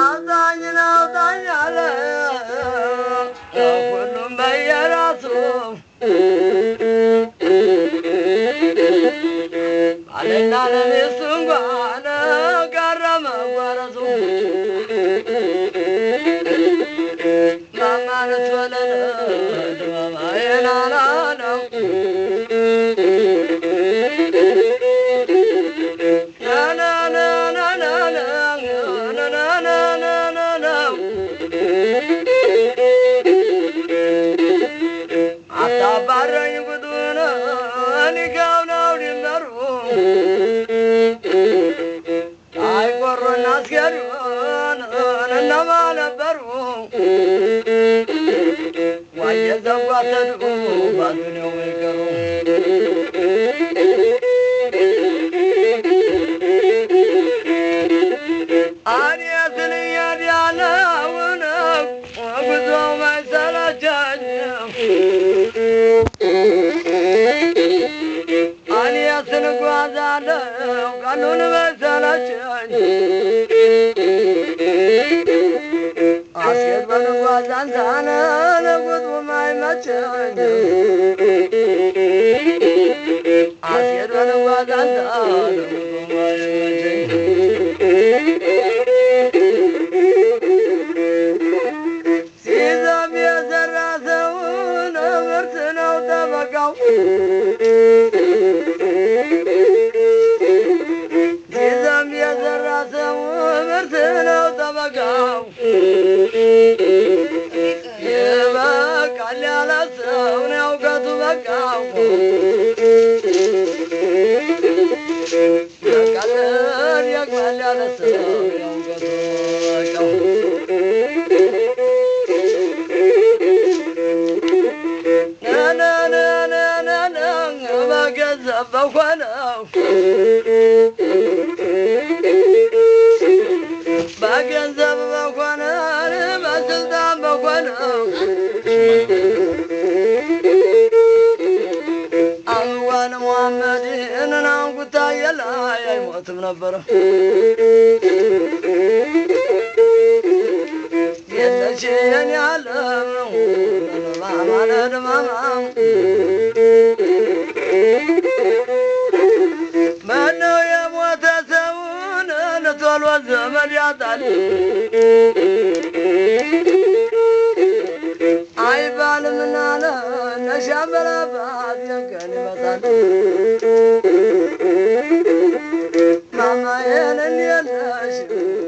አዛኝ ነው ዳኝ አለ ሁሉም በየራሱ ባልና ለሚስቱ እንኳን ቀረ መዋረሱ ማማነት ما لبرو وعيد وتدعو ما دنوك አዛለው ቀኑን መሰለችኝ አስኬት በንጓዝ አንሳነ አስኬት በንጓዝ ሲዘም የዘራ ሰው ነው بقى زبق وانا ما سلطان بقى ብታየል አይሞትም ነበረ። የለች የኔ ዓለም ማማለ ድማማ መነው የሞተ ሰውን ንቶሎ ዘመድ ያጣል አይባልም ናለ ነሻምበላባት ቀን ይመጣል Gelen yanaşır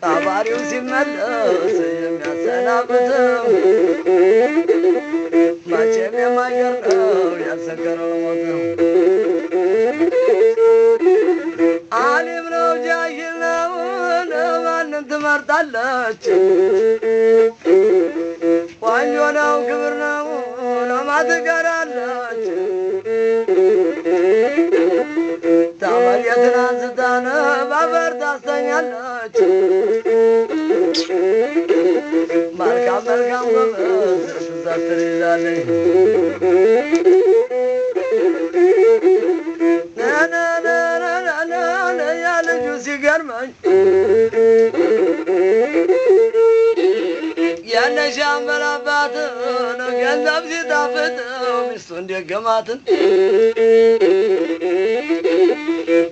Kabarıyor zimmetlisi አናብትም መቼም የማይቀርቀው ያሰከረው ሞት አሊም ነው ጃሂል ነው ማንን ትመርጣለች? ዋኞ ነው ክብር ነው ለማትቀራለች Bergamdan zaten ilerle. Ne ne ne ne ne ne ne yani cüzü görmen. Yani şan berabatın, kendim zidafetim, üstün diye kematın.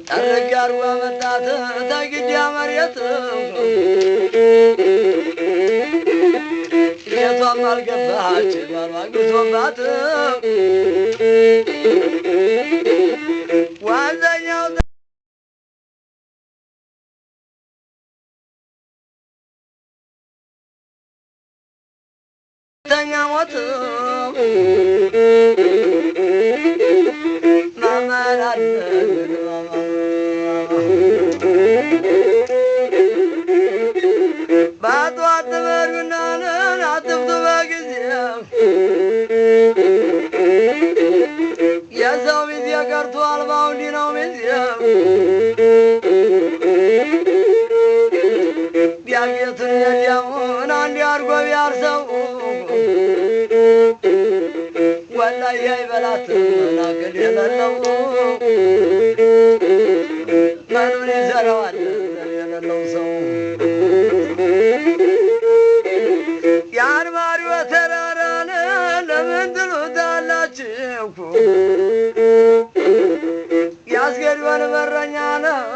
Tanrı kar እሷም አልገባች ዋዘኛው ተኛ ሞት ማመራለ ኑሮውን አንድ አድርጎ ቢያርሰው ወላ ይበላት መናገድ የሌለው ምኑን ይዘራዋል የሌለው ሰው የአርማሪው ተራራን ለምን ትሉታላችሁ? ያስገድበን በረኛ ነው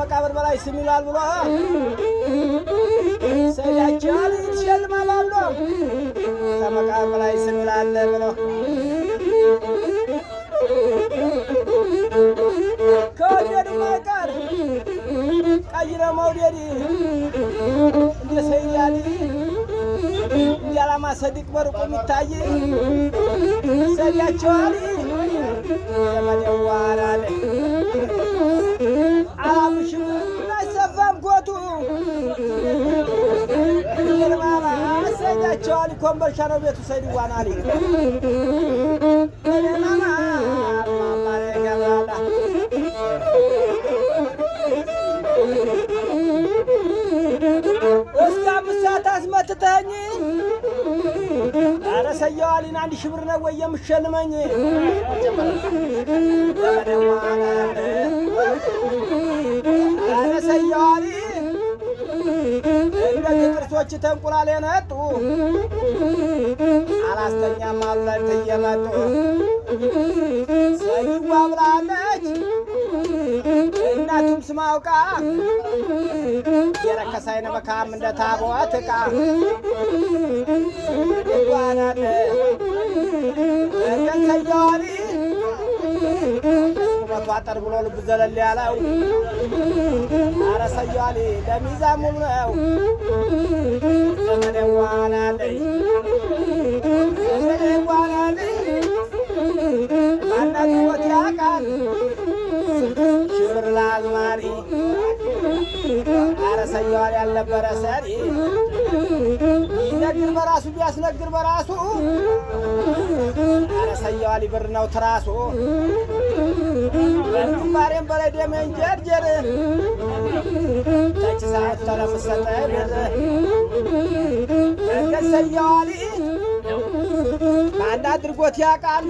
ከመቃብር በላይ ስም ይላል ብሎ ሰዳቻል ይሸልማል ብሎ ከመቃብር በላይ ስም ብሎ ከወደድ ማይቀር ቀይረ መውደድ እንደ ሰያድ ሰዲቅ በርቁ የሚታይ ሰዳቸዋል ዘመደዋራለ ኮምበልቻ ነው ቤቱ ሰይድዋን አሊ እስከ አምስት ሰዓት አስመትተኸኝ ኧረ ሰየው አሊን አንድ ሺህ ብር ነው ወይ የምሸልመኝ? ሰየው አሊ ሴቶች ተንቁላል የነጡ አላስተኛ ማብረድ እየመጡ ሰይዋ ብላለች እናቱም ስማውቃ የረከሰ አይነ መካም እንደ ታቦት ዕቃ ቃጠር ብሎ ልብ ዘለል ያለው አረሰያሌ ለሚዛን ሙሉ ነው ዘመደዋናለይ ዘመደዋናለይ ማናት ያቃል ሽብር ለአዝማሪ አረሰያዋል ያልነበረ ሰሪ ይነግር በራሱ ቢያስነግር በራሱ የዋሊ ብርናው ትራሱ ባሬም በላይ ደሜ እንጀርጀር ተች ሰዓት ተለምሰጠ ብር ከሰየዋሊ በአንድ አድርጎት ያቃል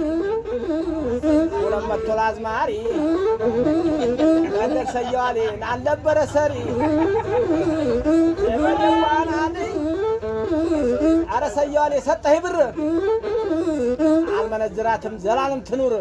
ሁለት መቶ ላዝማሪ ከደርሰየዋሊ አልነበረ ሰሪ የበደዋን አረ ሰየዋል የሰጠህ ብር አልመነዝራትም ዘላለም ትኑር።